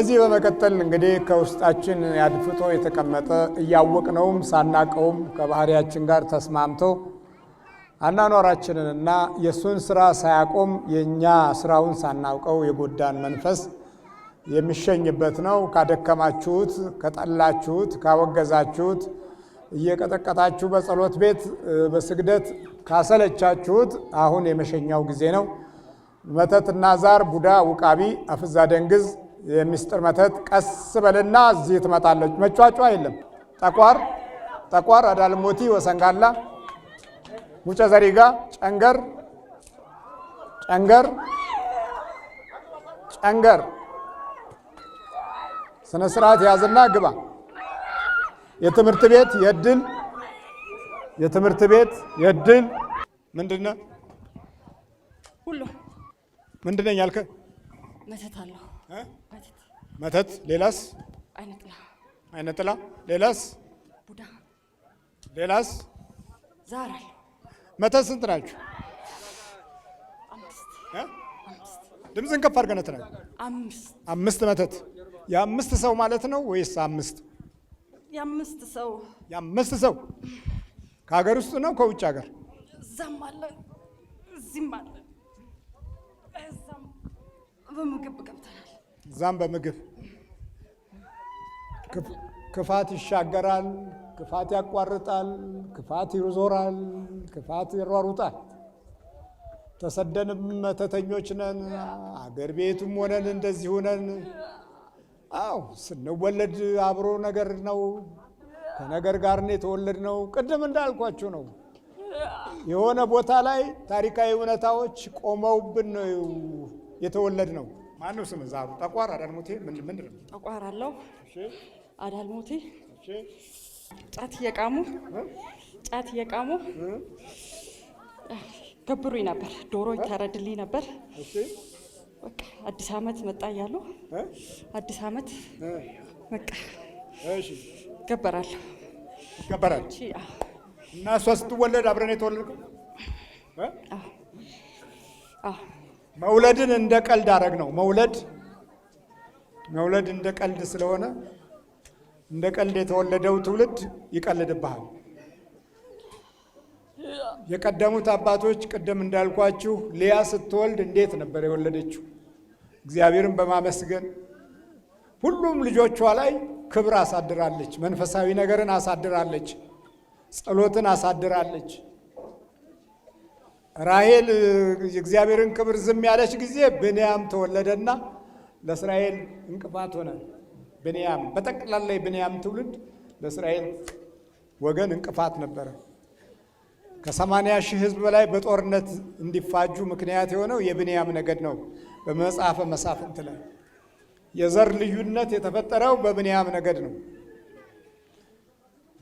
ከዚህ በመቀጠል እንግዲህ ከውስጣችን ያድፍጦ የተቀመጠ እያወቅነውም ሳናቀውም ከባህሪያችን ጋር ተስማምቶ አናኗራችንንና የእሱን ስራ ሳያቆም የእኛ ስራውን ሳናውቀው የጎዳን መንፈስ የሚሸኝበት ነው። ካደከማችሁት፣ ከጠላችሁት፣ ካወገዛችሁት እየቀጠቀጣችሁ በጸሎት ቤት በስግደት ካሰለቻችሁት አሁን የመሸኛው ጊዜ ነው። መተትና ዛር፣ ቡዳ፣ ውቃቢ፣ አፍዛ ደንግዝ የሚስጥር መተት ቀስ በልና እዚህ ትመጣለች። መጫጫ የለም። ጠቋር ጠቋር፣ አዳልሞቲ፣ ወሰንጋላ፣ ሙጨ ዘሪጋ፣ ጨንገር ጨንገር ጨንገር። ስነ ስርዓት ያዝና ግባ። የትምህርት ቤት የድል የትምህርት ቤት የድል ምንድነ ሁሉ ምንድን ነኝ ያልከ መተት አለሁ መተት፣ ሌላስ? አይነጥላ። ጥላ፣ ሌላስ? ቡዳ፣ ሌላስ? ዛራል። መተት ስንት ናችሁ? ድምፅን ከፍ አድርገን ተናገር። አምስት መተት። የአምስት ሰው ማለት ነው ወይስ አምስት? የአምስት ሰው የአምስት ሰው ከሀገር ውስጥ ነው ከውጭ ሀገር? እዛም አለ እዚህም አለ። በምግብ ገብተናል። እዛም በምግብ ክፋት ይሻገራል፣ ክፋት ያቋርጣል፣ ክፋት ይዞራል፣ ክፋት ይሯሩጣል። ተሰደንም መተተኞች ነን። አገር ቤቱም ሆነን እንደዚህ ሆነን አው ስንወለድ አብሮ ነገር ነው ከነገር ጋር ነው ነው። ቅድም እንዳልኳችሁ ነው። የሆነ ቦታ ላይ ታሪካዊ እውነታዎች ቆመውብን ነው የተወለድ ማነው ስም ዛሩ? ጠቋር አዳልሞቴ ምንድን ነው? ጠቋር አለው አዳልሞቴ ጫት እየቃሙ ጫት እየቃሙ ገብሩኝ ነበር። ዶሮ ይታረድልኝ ነበር። በቃ አዲስ አመት መጣ እያሉ አዲስ አመት በቃ ገበራለሁ እና እሷ ስትወለድ አብረን የተወለድከው መውለድን እንደ ቀልድ አረግ ነው። መውለድ መውለድ እንደ ቀልድ ስለሆነ እንደ ቀልድ የተወለደው ትውልድ ይቀልድብሃል። የቀደሙት አባቶች ቅድም እንዳልኳችሁ ሊያ ስትወልድ እንዴት ነበር የወለደችው? እግዚአብሔርን በማመስገን ሁሉም ልጆቿ ላይ ክብር አሳድራለች። መንፈሳዊ ነገርን አሳድራለች። ጸሎትን አሳድራለች። ራሄል የእግዚአብሔርን ክብር ዝም ያለች ጊዜ ብንያም ተወለደና ለእስራኤል እንቅፋት ሆነ። ብንያም በጠቅላላ የብንያም ትውልድ ለእስራኤል ወገን እንቅፋት ነበረ። ከሰማንያ ሺህ ህዝብ በላይ በጦርነት እንዲፋጁ ምክንያት የሆነው የብንያም ነገድ ነው። በመጽሐፈ መሳፍንት ላይ የዘር ልዩነት የተፈጠረው በብንያም ነገድ ነው።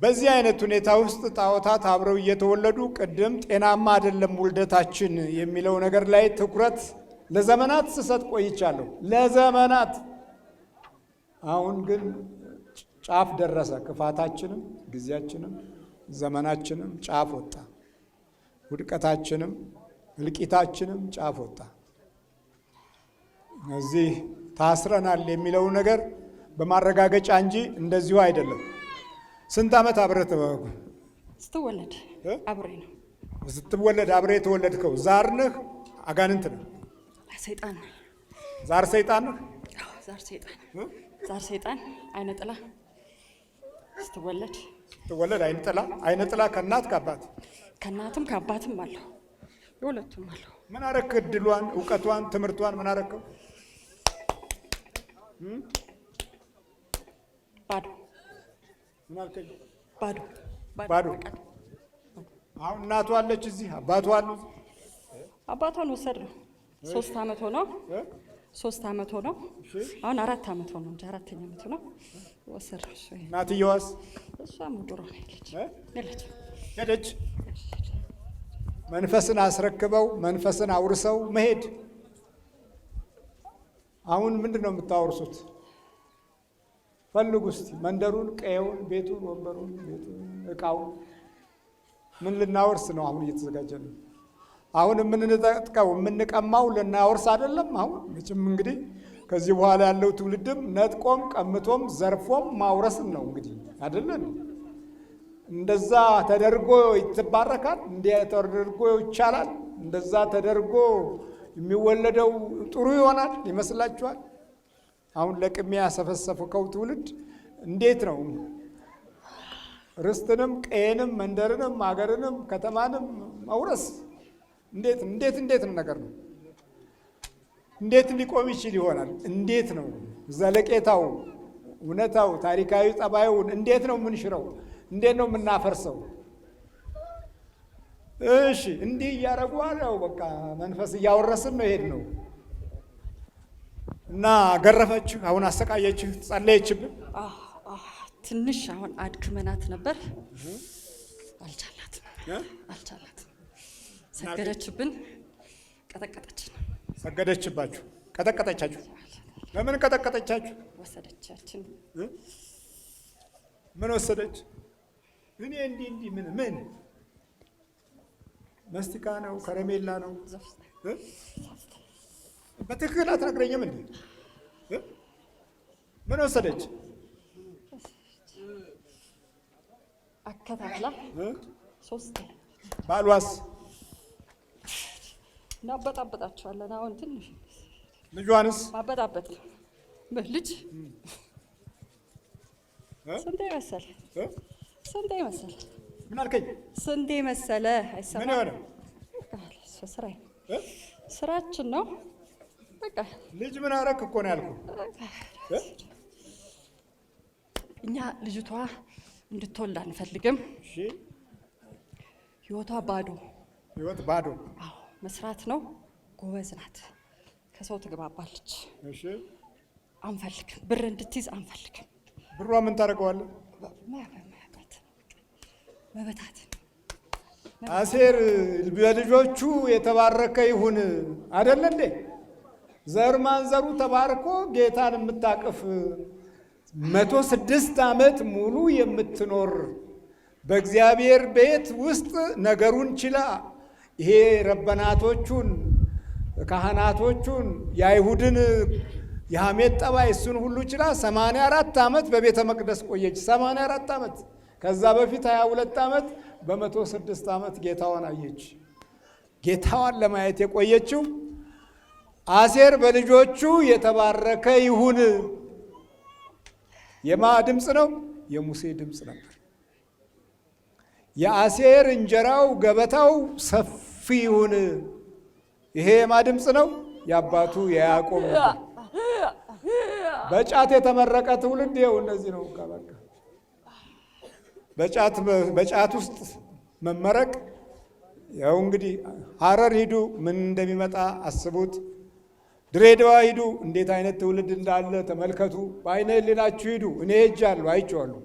በዚህ አይነት ሁኔታ ውስጥ ጣዖታት አብረው እየተወለዱ ቅድም ጤናማ አይደለም ውልደታችን የሚለው ነገር ላይ ትኩረት ለዘመናት ስሰጥ ቆይቻለሁ። ለዘመናት አሁን ግን ጫፍ ደረሰ። ክፋታችንም ጊዜያችንም ዘመናችንም ጫፍ ወጣ። ውድቀታችንም እልቂታችንም ጫፍ ወጣ። እዚህ ታስረናል የሚለው ነገር በማረጋገጫ እንጂ እንደዚሁ አይደለም። ስንት ዓመት አብረህ ስትወለድ አብሬ ነው ስትወለድ አብሬ የተወለድከው ዛር ነህ? አጋንንት ነህ? ሰይጣን ነህ? ዛር ሰይጣን ነህ? ዛር ሰይጣን ዛር ሰይጣን አይነ ጥላ ስትወለድ ስትወለድ አይነ ጥላ አይነ ጥላ ከእናት ከአባት ከእናትም ከአባትም አለው የሁለቱም አለው። ምን አረክ? እድሏን፣ እውቀቷን፣ ትምህርቷን ምን አረከው? ባዶ ባዶ ባዶ። አሁን እናቱ አለች እዚህ፣ አባቷ አሉ። አባቷን ወሰድ ነው። ሶስት አመት ሆነው ሶስት አመት ሆነው አሁን አራት አመት ሆነው እንጂ አራተኛ አመት ሆነው ወሰድ ናትየዋስ እሷም ድሮ ሄደች መንፈስን አስረክበው መንፈስን አውርሰው መሄድ። አሁን ምንድን ነው የምታወርሱት? ፈልጉ እስቲ መንደሩን፣ ቀየውን፣ ቤቱን፣ ወንበሩን፣ ቤቱን፣ እቃውን ምን ልናወርስ ነው? አሁን እየተዘጋጀ ነው። አሁን የምንነጥቀው የምንቀማው ልናወርስ አይደለም። አሁን መቼም እንግዲህ ከዚህ በኋላ ያለው ትውልድም ነጥቆም ቀምቶም ዘርፎም ማውረስን ነው እንግዲህ አይደለን። እንደዛ ተደርጎ ይትባረካል፣ እንዲህ ተደርጎ ይቻላል፣ እንደዛ ተደርጎ የሚወለደው ጥሩ ይሆናል ይመስላችኋል? አሁን ለቅሚያ ያሰፈሰፍከው ትውልድ እንዴት ነው? ርስትንም፣ ቀየንም፣ መንደርንም፣ አገርንም፣ ከተማንም መውረስ እንዴት እንዴት እንዴት ነው ነገር ነው እንዴት ሊቆም ይችል ይሆናል? እንዴት ነው ዘለቄታው፣ እውነታው፣ ታሪካዊ ጠባዩን እንዴት ነው የምንሽረው? እንዴት ነው የምናፈርሰው? እሺ እንዲህ እያደረጉ ያው በቃ መንፈስ እያወረስን ነው ይሄድ ነው እና ገረፈችህ፣ አሁን አሰቃየችህ፣ ጸለየችብን ትንሽ አሁን አድክመናት ነበር። አልቻላት አልቻላት ሰገደችብን፣ ቀጠቀጠችን። ሰገደችባችሁ፣ ቀጠቀጠቻችሁ። ለምን ቀጠቀጠቻችሁ? ወሰደቻችን። ምን ወሰደች? እኔ እንዲህ እንዲህ ምን ምን መስቲካ ነው ከረሜላ ነው። በትክክል አትነግረኝም እንዴ? ምን ወሰደች? አከታትላ ሶስት ባሏስ እናበጣበጣቸዋለን። አሁን ትንሽ ልጇንስ ማበጣበጥ ልጅ ስንዴ መሰለ ስንዴ መሰለ ምን አልከኝ? ስንዴ መሰለ አይሰማም። ስራዬ ስራችን ነው። በቃ ልጅ ምን አረክ እኮ ነው ያልኩህ። እኛ ልጅቷ እንድትወልድ አንፈልግም። ህይወቷ ባዶ ህይወት ባዶ መስራት ነው። ጎበዝ ናት። ከሰው ትግባባለች። አንፈልግ ብር እንድትይዝ አንፈልግም። ብሯ ምን ታደርገዋለን? መበታት አሴር በልጆቹ የተባረከ ይሁን አደለ እንዴ? ዘር ማንዘሩ ተባርኮ ጌታን የምታቅፍ መቶ ስድስት ዓመት ሙሉ የምትኖር በእግዚአብሔር ቤት ውስጥ ነገሩን ችላ ይሄ ረበናቶቹን ካህናቶቹን የአይሁድን የሐሜት ጠባይ እሱን ሁሉ ችላ 84 ዓመት በቤተ መቅደስ ቆየች። 84 ዓመት ከዛ በፊት 22 ዓመት በመቶ ስድስት ዓመት ጌታዋን አየች። ጌታዋን ለማየት የቆየችው አሴር በልጆቹ የተባረከ ይሁን የማ ድምፅ ነው? የሙሴ ድምፅ ነበር። የአሴር እንጀራው ገበታው ሰፊ ፍዩን ይሄ የማ ድምፅ ነው? የአባቱ የያዕቆብ በጫት የተመረቀ ትውልድ ይኸው እነዚህ ነው። በቃ በጫት ውስጥ መመረቅ ያው እንግዲህ ሀረር ሂዱ፣ ምን እንደሚመጣ አስቡት። ድሬዳዋ ሂዱ፣ እንዴት አይነት ትውልድ እንዳለ ተመልከቱ። በአይነ ህሊናችሁ ሂዱ። እኔ ሄጃለሁ፣ አይቼዋለሁ።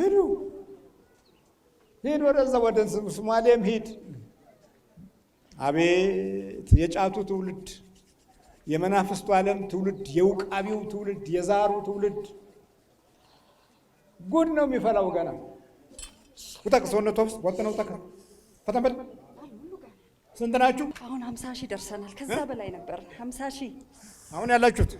ሂዱ ሂድ ወደዛ ወደ ሶማሌም ሂድ። አቤት የጫቱ ትውልድ፣ የመናፍስቱ ዓለም ትውልድ፣ የውቃቢው ትውልድ፣ የዛሩ ትውልድ ጉድ ነው የሚፈላው። ገና ውጠቅ ሰውነቶ ውስጥ ወጥ ነው። ውጠቅ ፈተንበል ስንት ናችሁ? አሁን ሀምሳ ሺህ ደርሰናል። ከዛ በላይ ነበር ሀምሳ ሺህ አሁን ያላችሁት።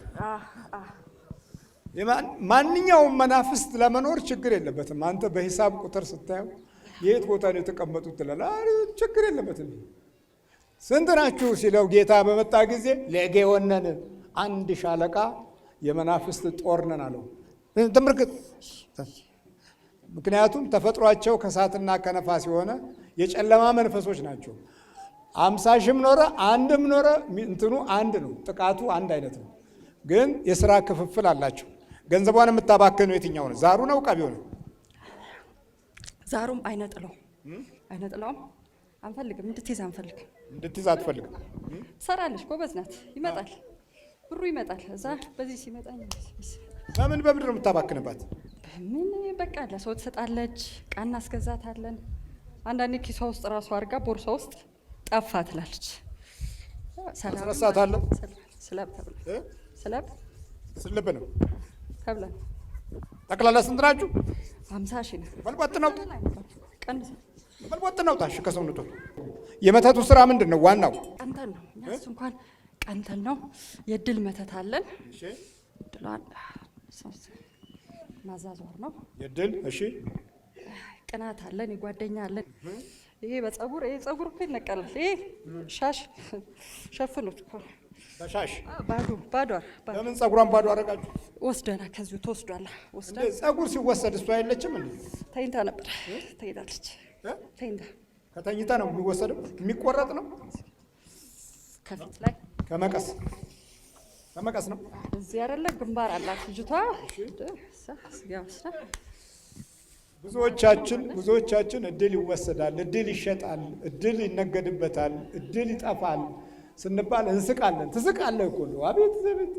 ማንኛውም መናፍስት ለመኖር ችግር የለበትም። አንተ በሂሳብ ቁጥር ስታየው የት ቦታ ነው የተቀመጡት ትላል። ችግር የለበትም። ስንት ናችሁ ሲለው ጌታ በመጣ ጊዜ ለጌወነን አንድ ሻለቃ የመናፍስት ጦር ነን አለው። ትምርክት ምክንያቱም ተፈጥሯቸው ከእሳትና ከነፋስ የሆነ የጨለማ መንፈሶች ናቸው። አምሳ ሺህም ኖረ አንድም ኖረ እንትኑ አንድ ነው፣ ጥቃቱ አንድ አይነት ነው። ግን የስራ ክፍፍል አላቸው። ገንዘቧን የምታባክነው የትኛው ነው? ዛሩ ነው፣ ቀቢው ነው። ዛሩም አይነጥለው አይነጥለውም። አንፈልግም፣ እንድትይዝ አንፈልግም፣ እንድትይዝ አትፈልግም። ሰራለች፣ ጎበዝ ናት። ይመጣል፣ ብሩ ይመጣል። እዛ በዚህ ሲመጣ በምን በምድር የምታባክንባት? በምን በቃ ለሰው ትሰጣለች፣ ዕቃ እናስገዛታለን። አንዳንዴ ኪሷ ውስጥ ራሱ አድርጋ ቦርሳ ውስጥ ጠፋ ትላለች። አስረሳታለሁ። ስለብ ተብለን ስለብ ስልብ ነው ተብለን ጠቅላላ ስንት ናችሁ? ሀምሳ ሺህ ነው። በልቧት ነው በልቧት ነው። ታሽ ከሰውነቱ የመተቱ ስራ ምንድን ነው? ዋናው ቀንተል ነው። እሱ እንኳን ቀንተን ነው። የድል መተት አለን። ማዛዟር ነው የድል። እሺ ቅናት አለን። የጓደኛ አለን ይሄ በጸጉር ይሄ ጸጉር እኮ ይነቀላል። ይሄ ሻሽ ሸፍኑት እኮ በሻሽ ባዶ ባዶ ለምን ጸጉሯን ባዶ አረጋችሁ? ወስደና ከዚሁ ተወስዷል። ወስዳ ጸጉር ሲወሰድ እሷ የለችም እንዴ? ተኝታ ነበር። ተኝታለች። ተኝታ ከተኝታ ነው የሚወሰደው። የሚቆረጥ ነው ከፊት ላይ ከመቀስ ከመቀስ ነው። እዚህ አይደለ ግንባር አላት ልጅቷ ስጋ ወስዳ ብዙዎቻችን ብዙዎቻችን እድል ይወሰዳል፣ እድል ይሸጣል፣ እድል ይነገድበታል፣ እድል ይጠፋል ስንባል እንስቃለን። ትስቃለህ እኮ ነው። አቤት ዘቤት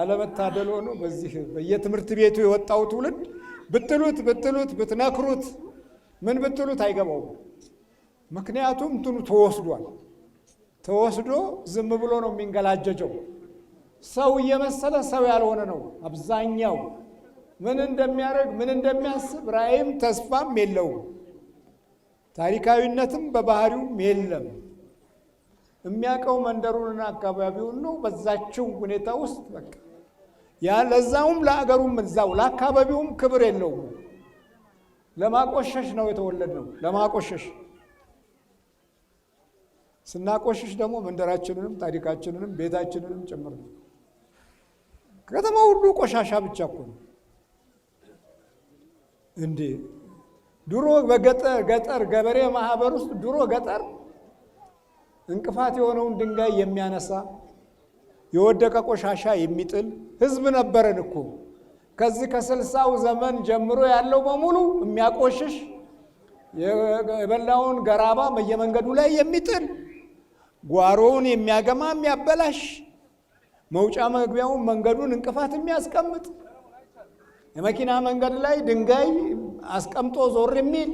አለመታደል ሆኖ በዚህ በየትምህርት ቤቱ የወጣው ትውልድ ብትሉት ብትሉት ብትነክሩት ምን ብትሉት አይገባውም። ምክንያቱም እንትኑ ተወስዷል። ተወስዶ ዝም ብሎ ነው የሚንገላጀጀው። ሰው እየመሰለ ሰው ያልሆነ ነው አብዛኛው ምን እንደሚያደርግ ምን እንደሚያስብ ራእይም ተስፋም የለውም። ታሪካዊነትም በባህሪውም የለም። የሚያውቀው መንደሩንና አካባቢውን ነው። በዛችው ሁኔታ ውስጥ በቃ ያ ለዛውም ለአገሩም እዛው ለአካባቢውም ክብር የለውም። ለማቆሸሽ ነው የተወለድነው፣ ለማቆሸሽ ስናቆሽሽ ደግሞ መንደራችንንም ታሪካችንንም ቤታችንንም ጭምር ነው። ከተማ ሁሉ ቆሻሻ ብቻ እኮ ነው። እንዴ ድሮ በገጠር ገጠር ገበሬ ማህበር ውስጥ ድሮ ገጠር እንቅፋት የሆነውን ድንጋይ የሚያነሳ የወደቀ ቆሻሻ የሚጥል ህዝብ ነበረን እኮ። ከዚህ ከስልሳው ዘመን ጀምሮ ያለው በሙሉ የሚያቆሽሽ የበላውን ገራባ በየመንገዱ ላይ የሚጥል ጓሮውን የሚያገማ የሚያበላሽ መውጫ መግቢያውን መንገዱን እንቅፋት የሚያስቀምጥ የመኪና መንገድ ላይ ድንጋይ አስቀምጦ ዞር የሚል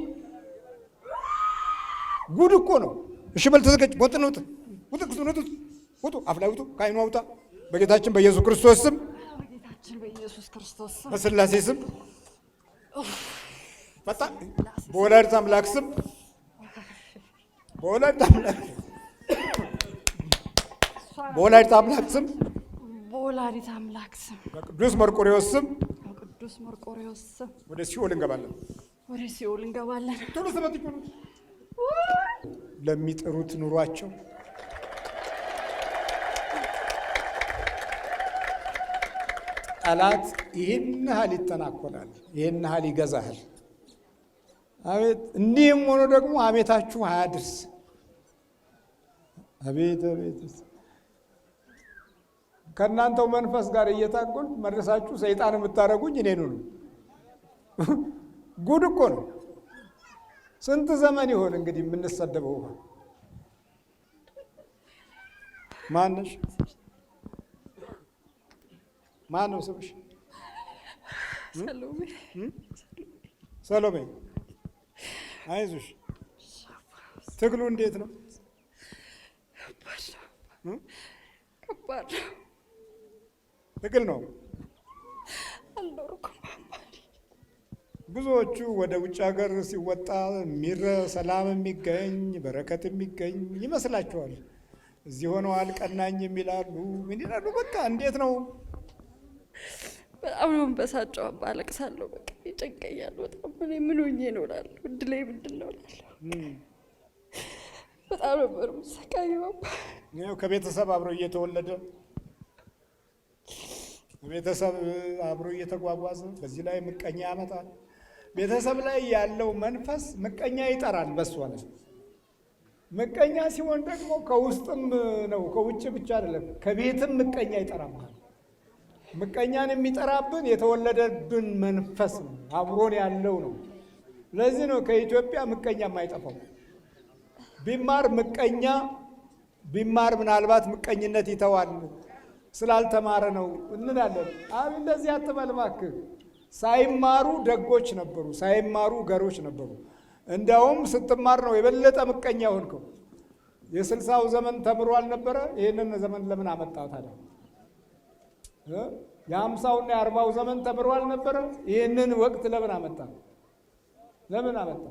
ጉድ እኮ ነው። እሺ በል ተዘጋጅ፣ ቦጥን ውጥ፣ ውጡ፣ አፍ ከአይኑ አውጣ። በጌታችን በኢየሱስ ክርስቶስ ስም፣ በስላሴ ስም፣ ፈጣን በወላዲተ አምላክ ስም፣ በወላዲተ አምላክ በወላዲተ አምላክ ስም፣ በወላዲተ አምላክ ስም፣ በቅዱስ መርቆሬዎስ ስም ቅዱስ መርቆሬዎስ ስም ወደ ሲኦል እንገባለን፣ ወደ ሲኦል እንገባለን። ቶሎ ሰባት ይቆሉት ኑሯቸው ጠላት ይህን ያህል ይተናኮላል ይህን ያህል ይገዛሃል። አቤት! እንዲህም ሆኖ ደግሞ አቤታችሁ አያድርስ። አቤት አቤት ከእናንተው መንፈስ ጋር እየታገልኩ መድረሳችሁ ሰይጣን የምታደርጉኝ እኔ ነው። ጉድ እኮ ነው። ስንት ዘመን ይሆን እንግዲህ የምንሰደበው? ማነሽ? ማን ነው ስምሽ? ሰሎሜ። አይዞሽ። ትግሉ እንዴት ነው? ከባድ ነው። ትግል ነው። ብዙዎቹ ወደ ውጭ ሀገር ሲወጣ ሚረ ሰላም የሚገኝ በረከት የሚገኝ ይመስላቸዋል። እዚህ ሆነው አልቀናኝ የሚላሉ ምን ይላሉ? በቃ እንዴት ነው? በጣም ነው በሳጫው አለቅሳለሁ። በቃ ይጨንቀኛል በጣም እኔ ምን ሆኜ ነው እላለሁ። ላይ ምንድን ነው እላለሁ። በጣም ነበር ሰቃይ። ከቤተሰብ አብረው እየተወለደ ቤተሰብ አብሮ እየተጓጓዘ በዚህ ላይ ምቀኛ ያመጣል። ቤተሰብ ላይ ያለው መንፈስ ምቀኛ ይጠራል በሷ ላይ ምቀኛ ሲሆን ደግሞ ከውስጥም ነው ከውጭ ብቻ አይደለም፣ ከቤትም ምቀኛ ይጠራብሃል። ምቀኛን የሚጠራብን የተወለደብን መንፈስ ነው፣ አብሮን ያለው ነው። ለዚህ ነው ከኢትዮጵያ ምቀኛ የማይጠፋው። ቢማር ምቀኛ ቢማር ምናልባት ምቀኝነት ይተዋል። ስላልተማረ ነው እንላለን። አብ እንደዚህ አትበል እባክህ። ሳይማሩ ደጎች ነበሩ፣ ሳይማሩ ገሮች ነበሩ። እንዲያውም ስትማር ነው የበለጠ ምቀኛ ሆንከው። የስልሳው ዘመን ተምሮ አልነበረ? ይህንን ዘመን ለምን አመጣ ታዲያ? የአምሳውና የአርባው ዘመን ተምሮ አልነበረ? ይህንን ወቅት ለምን አመጣ? ለምን አመጣ?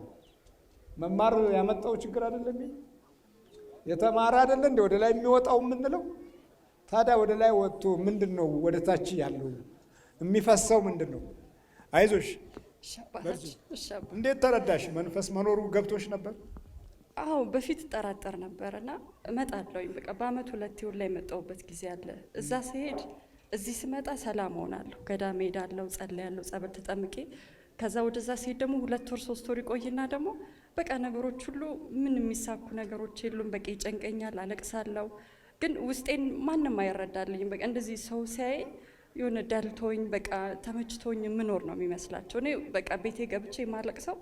መማር ያመጣው ችግር አይደለም? የተማረ አይደለ እንደ ወደ ላይ የሚወጣው የምንለው ታዲያ ወደ ላይ ወጥቶ ምንድን ነው ወደ ታች ያለው የሚፈሰው ምንድን ነው? አይዞሽ እንዴት ተረዳሽ? መንፈስ መኖሩ ገብቶች ነበር? አዎ በፊት ጠራጠር ነበር እና እመጣለሁ። በቃ በአመት ሁለት ይሁን ላይ የመጣሁበት ጊዜ አለ። እዛ ስሄድ እዚህ ስመጣ ሰላም ሆናለሁ። ገዳም ሄዳለሁ፣ ጸልያለሁ፣ ጸበል ተጠምቄ ከዛ ወደዛ ሲሄድ ደግሞ ሁለት ወር ሶስት ወር ይቆይና ደግሞ በቃ ነገሮች ሁሉ ምን የሚሳኩ ነገሮች የሉም። በቃ ይጨንቀኛል፣ አለቅሳለሁ ግን ውስጤን ማንም አይረዳልኝም። በቃ እንደዚህ ሰው ሲያይ የሆነ ደልቶኝ በቃ ተመችቶኝ ምኖር ነው የሚመስላቸው። እኔ በቃ ቤቴ ገብቼ የማለቅ ሰው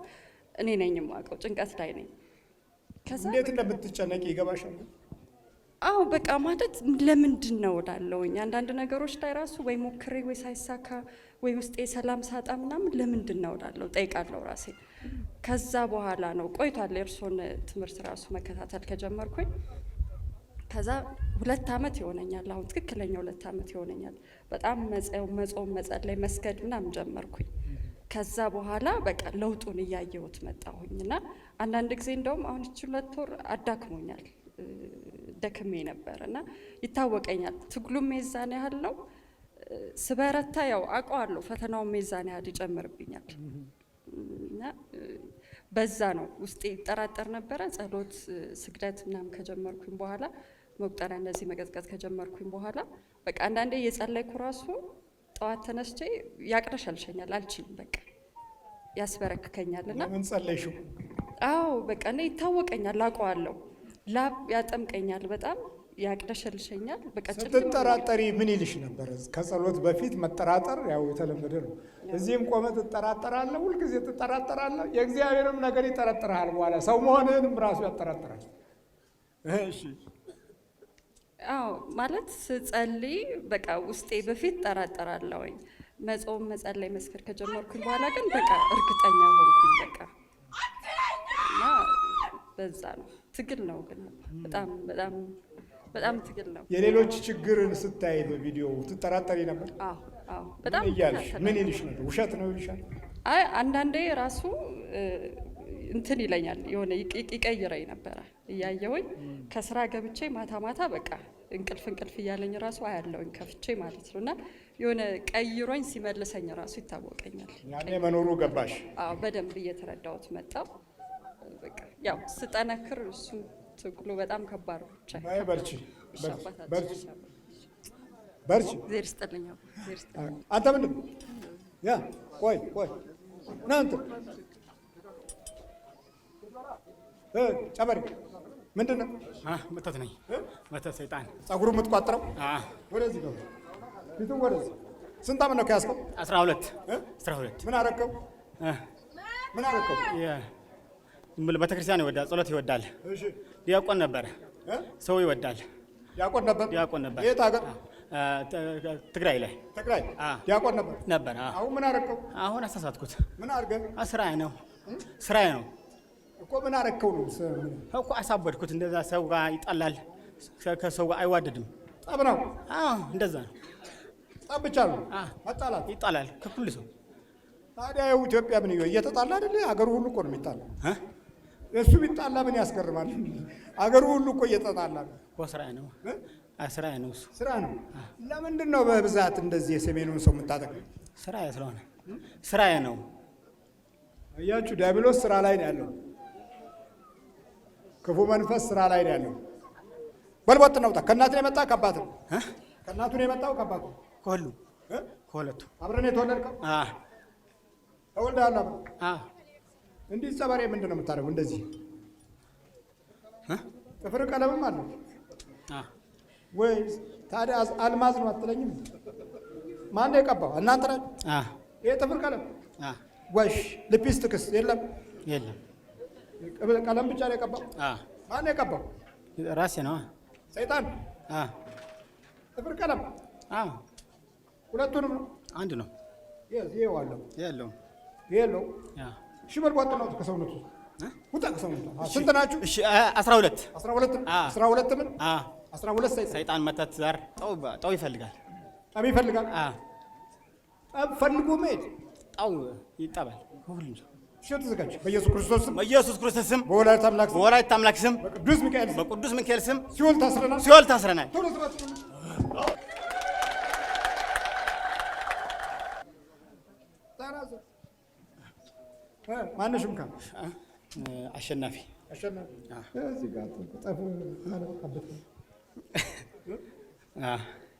እኔ ነኝ የማውቀው፣ ጭንቀት ላይ ነኝ። እንዴት እንደምትጨነቂ ይገባሻል። አዎ በቃ ማለት ለምንድን ነው እላለሁኝ። አንዳንድ ነገሮች ላይ ራሱ ወይ ሞክሬ ወይ ሳይሳካ ወይ ውስጤ ሰላም ሳጣ ምናምን ለምንድን ነው እላለሁ፣ ጠይቃለሁ ራሴ። ከዛ በኋላ ነው ቆይቷል የእርሶን ትምህርት ራሱ መከታተል ከጀመርኩኝ ከዛ ሁለት አመት ይሆነኛል። አሁን ትክክለኛ ሁለት አመት ይሆነኛል። በጣም መጾም፣ መጸለይ፣ መስገድ ምናምን ጀመርኩኝ። ከዛ በኋላ በቃ ለውጡን እያየሁት መጣሁኝና አንዳንድ ጊዜ እንደውም አሁን እች ሁለት ወር አዳክሞኛል ደክሜ ነበር እና ይታወቀኛል። ትግሉም ሜዛን ያህል ነው። ስበረታ ያው አውቀዋለሁ ፈተናውም ሜዛን ያህል ይጨምርብኛል እና በዛ ነው ውስጤ ይጠራጠር ነበረ። ጸሎት ስግደት ምናምን ከጀመርኩኝ በኋላ መቁጠሪያ እንደዚህ መቀዝቀዝ ከጀመርኩኝ በኋላ በቃ አንዳንዴ የጸለይኩ ራሱ ጠዋት ተነስቼ ያቅለሸልሸኛል አልችልም በቃ ያስበረክከኛል። እና ምን አዎ በቃ እኔ ይታወቀኛል፣ ላውቀዋለሁ። ላብ ያጠምቀኛል፣ በጣም ያቅደሸልሸኛል በቃ ስትጠራጠሪ ምን ይልሽ ነበር? ከጸሎት በፊት መጠራጠር ያው የተለመደ ነው። እዚህም ቆመ ትጠራጠራለህ፣ ሁልጊዜ ትጠራጠራለህ። የእግዚአብሔርም ነገር ይጠረጥርሃል። በኋላ ሰው መሆንህንም ራሱ ያጠራጥራል። እሺ አዎ ማለት ስጸልይ በቃ ውስጤ በፊት ጠራጠራለሁኝ። መጾም መጸለይ መስከር ከጀመርኩኝ በኋላ ግን በቃ እርግጠኛ ሆንኩኝ። በቃ እና በዛ ነው ትግል ነው ግን በጣም በጣም በጣም ትግል ነው። የሌሎች ችግርን ስታይ በቪዲዮ ትጠራጠሪ ነበር? አዎ አዎ፣ በጣም ምን ይልሽ ነበር? ውሸት ነው ይልሻል። አይ አንዳንዴ ራሱ እንትን ይለኛል የሆነ ይቀይረኝ ነበረ እያየውኝ ከስራ ገብቼ ማታ ማታ በቃ እንቅልፍ እንቅልፍ እያለኝ ራሱ አያለውኝ ከፍቼ ማለት ነው። እና የሆነ ቀይሮኝ ሲመልሰኝ ራሱ ይታወቀኛል። ያኔ መኖሩ ገባሽ? አዎ በደንብ እየተረዳሁት መጣው። ያው ስጠነክር እሱ ትግሉ በጣም ከባድ ብቻ በርቺ በርቺ። ዜር ስጠልኛ አንተ ምንድን ያ ቆይ ቆይ ናንተ ጨበሬ ምንድን ነው? መተት ነኝ። መተት ሰይጣን ጸጉሩ የምትቋጥረው ወደዚህ ገቡ። ፊቱ ወደዚህ። ስንት ዓመት ነው ከያዝከው? አስራ ሁለት አስራ ሁለት ምን አረከው? ምን አረከው? ቤተክርስቲያን ይወዳል፣ ጸሎት ይወዳል። ዲያቆን ነበረ። ሰው ይወዳል። ዲያቆን ነበር። ዲያቆን ነበር። የት ሀገር? ትግራይ ላይ ትግራይ ዲያቆን ነበር ነበር። አሁን ምን አረከው? አሁን አሳሳትኩት። ምን አርገ? ስራዬ ነው፣ ስራዬ ነው እኮ ምን አረከው ነው እኮ አሳበድኩት። እንደዛ ሰው ጋር ይጣላል፣ ከሰው ጋር አይዋደድም። ጠብ ነው። አዎ እንደዛ ነው። ጠብ ብቻ ነው መጣላት፣ ይጣላል ከሁሉ ሰው። ታዲያ ይኸው ኢትዮጵያ ምን እየተጣላ አይደለ? አገሩ ሁሉ እኮ ነው የሚጣላ። እሱ ቢጣላ ምን ያስገርማል? አገሩ ሁሉ እኮ እየተጣላ ነው። ስራ ነው ስራ ነው እሱ ስራ ነው። ለምንድን ነው በብዛት እንደዚህ የሰሜኑን ሰው የምታጠቅም? ስራ ስለሆነ ስራዬ ነው። እያችሁ ዲያብሎስ ስራ ላይ ነው ያለው። ክፉ መንፈስ ስራ ላይ ነው ያለው። በልቦት ነውጣ ከእናት ነው የመጣ ከአባት ነው ከእናቱ የመጣው ከአባት ነው ከሁሉ ከሁለቱ አብረን የተወለድከው ተወልደሃል አብረን። እንዲህ ጸበሬ ምንድን ነው የምታደርገው? እንደዚህ ጥፍር ቀለምም አለው ወይ? ታዲያ አልማዝ ነው አትለኝም? ማን ነው የቀባው? እናንተ ናችሁ? ይሄ ጥፍር ቀለም ወሽ ሊፕስቲክስ የለም የለም ቀለም ብቻ ነው የቀባው። ማን የቀባው? ራሴ ነው። ሰይጣን ጥፍር ቀለም ሁለቱንም ነው አንድ ነው ያለው ሽበል ቧጥ ነው ከሰውነቱ ውጣ። ከሰውነቱ ስንት ናችሁ? አስራ ሁለት አስራ ሁለት ምን አስራ ሁለት ሰይጣን መተት ጠው ይፈልጋል ጠብ ይፈልጋል ጠብ ፈልጎ መሄድ ጠው ይጠባል ሁሉም ተዘጋጅ። በኢየሱስ ክርስቶስ ስም በኢየሱስ ክርስቶስ ስም በወላዲተ አምላክ ስም በወላዲተ አምላክ ስም በቅዱስ ሚካኤል ስም በቅዱስ ሚካኤል ስም ሲኦል ታስረናል፣ ሲኦል ታስረናል። ማነሽ እንካ አሸናፊ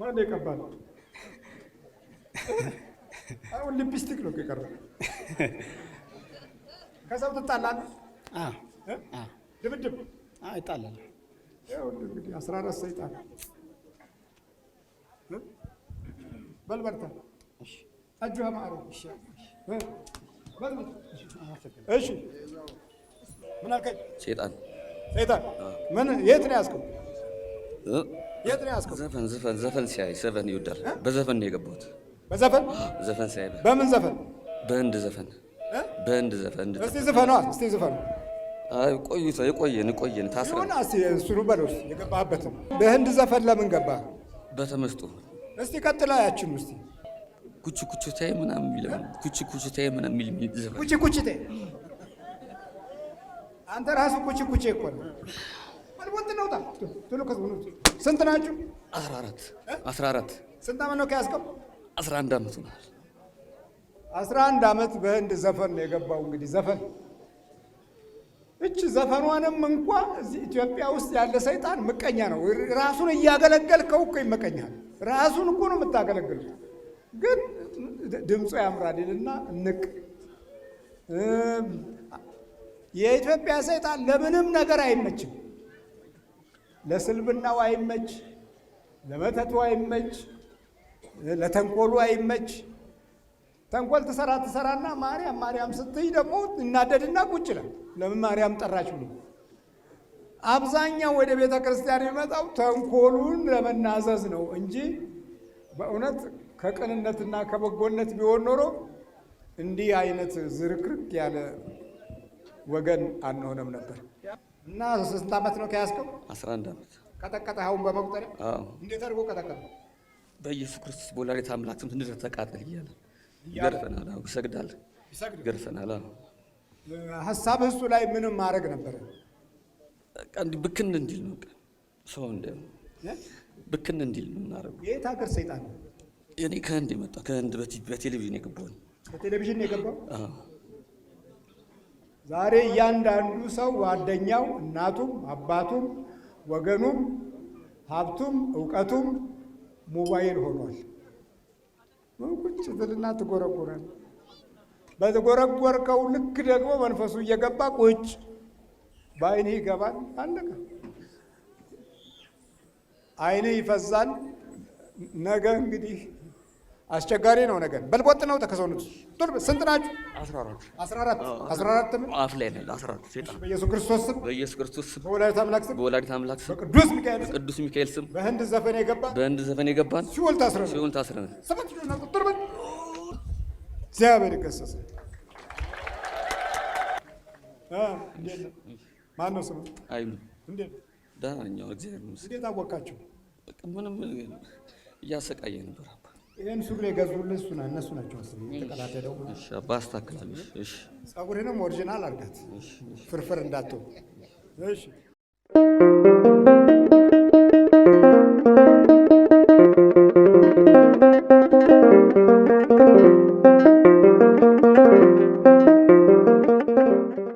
ማን የቀባል? አሁን ሊፕስቲክ ነው የቀረው። ከሰው ትጣላለህ? አዎ አዎ። ድብድብ? አዎ እጣላለሁ። ያው እንግዲህ አስራ አራት ሰይጣን በል በርታ። እሺ እጁ ማሩ። እሺ በል እሺ። ምን አልከኝ? ሰይጣን ሰይጣን። ምን የት ነው ያዝከው? የት ነው ያዝከው? ዘፈን ዘፈን ዘፈን ሲያይ ዘፈን ይወዳል። በዘፈን ነው የገባሁት። በዘፈን ዘፈን ሲያይ በምን ዘፈን? በህንድ ዘፈን በህንድ ዘፈን እስቲ ዘፈኗ እስቲ ዘፈኑ። አይ ቆዩ ሰው የቆየን የቆየን ታስረ ይሁን አሲ እሱኑ በለውስ የገባህበትም በህንድ ዘፈን ለምን ገባህ? በተመስጦ እስቲ ቀጥላ ያችን እስቲ ኩቺ ኩቺ ታይ ምናምን የሚለው ኩቺ ኩቺ ታይ ምናምን የሚል ዘፈን ኩቺ ኩቺ ታይ አንተ ራሱ ኩቺ ኩቺ እኮ ነው። አልቦት ነው ታ ትሉ ከሆነ ስንት ናችሁ? 14 14 ስንት ዓመት ነው ከያዝከው? 11 አመት ነው። አስራ አንድ ዓመት በህንድ ዘፈን ነው የገባው። እንግዲህ ዘፈን እች ዘፈኗንም እንኳ እዚህ ኢትዮጵያ ውስጥ ያለ ሰይጣን ምቀኛ ነው። ራሱን እያገለገልከው እኮ ይመቀኛል። ራሱን እኮ ነው የምታገለግል፣ ግን ድምፁ ያምራል ይልና የኢትዮጵያ ሰይጣን ለምንም ነገር አይመችም። ለስልብናው አይመች፣ ለመተቱ አይመች፣ ለተንኮሉ አይመች ተንኮል ትሰራ ትሰራና ማርያም ማርያም ስትይ ደግሞ እናደድና ቁጭ ይላል። ለምን ማርያም ጠራች ብሎ አብዛኛው ወደ ቤተ ክርስቲያን የሚመጣው ተንኮሉን ለመናዘዝ ነው እንጂ በእውነት ከቅንነትና ከበጎነት ቢሆን ኖሮ እንዲህ አይነት ዝርክርክ ያለ ወገን አንሆነም ነበር። እና ስንት ዓመት ነው ከያዝከው? አስራ አንድ ዓመት ቀጠቀጠኸውን? በመቁጠሪያ እንዴት አድርጎ ቀጠቀጠ? በኢየሱስ ክርስቶስ ወላዲተ አምላክ ስም እንድረህ ተቃጠል እያለ ገርፈናል። አዎ ይሰግዳል፣ ገርፈናል። አዎ ሀሳብ እሱ ላይ ምንም ማድረግ ነበረ። ብክን እንዲል ነው ሰው እንደ ብክን እንዲል ነው እናደርገው። የት ሀገር ሰይጣን ነው? እኔ ከህንድ የመጣ ከህንድ በቴሌቪዥን የገባውን በቴሌቪዥን የገባው ዛሬ እያንዳንዱ ሰው ጓደኛው፣ እናቱም፣ አባቱም፣ ወገኑም፣ ሀብቱም፣ እውቀቱም ሞባይል ሆኗል። ቁጭ ትልና ትጎረጎራል። በተጎረጎርከው ልክ ደግሞ መንፈሱ እየገባ ቁጭ በአይንህ ይገባል። አለቀ። አይንህ ይፈዛል። ነገ እንግዲህ አስቸጋሪ ነው ነገር በልቦጥ ነው ተከሰኑት ቱልብ ስንት ናችሁ? 14 14 14 ነው አፍ ላይ ነው 14 ሰይጣን በኢየሱስ ክርስቶስ ስም በኢየሱስ ክርስቶስ ስም በወላዲተ አምላክ ስም በወላዲተ አምላክ ስም በቅዱስ ሚካኤል ስም ቅዱስ ሚካኤል ስም በህንድ ዘፈን የገባን በህንድ ዘፈን የገባን ሲኦል ታስረን ሲኦል ታስረን ሰባት ነው ቁጥር ምን እግዚአብሔር ይገሰሰ አ ማን ነው ስሙ? አይሉ እንዴ ዳኛው ነኝ። እግዚአብሔር ይመስገን። እንዴት አወቃችሁ? ምንም እያሰቃየ ነበር ይህን ሱሪ የገዙልን እሱ ነው እነሱ ናቸው መሰለኝ የተቀዳደደው። እሺ አባስ ታክላለሽ። እሺ ጸጉርንም ኦሪጂናል አድርጋት፣ ፍርፍር እንዳትሆን። እሺ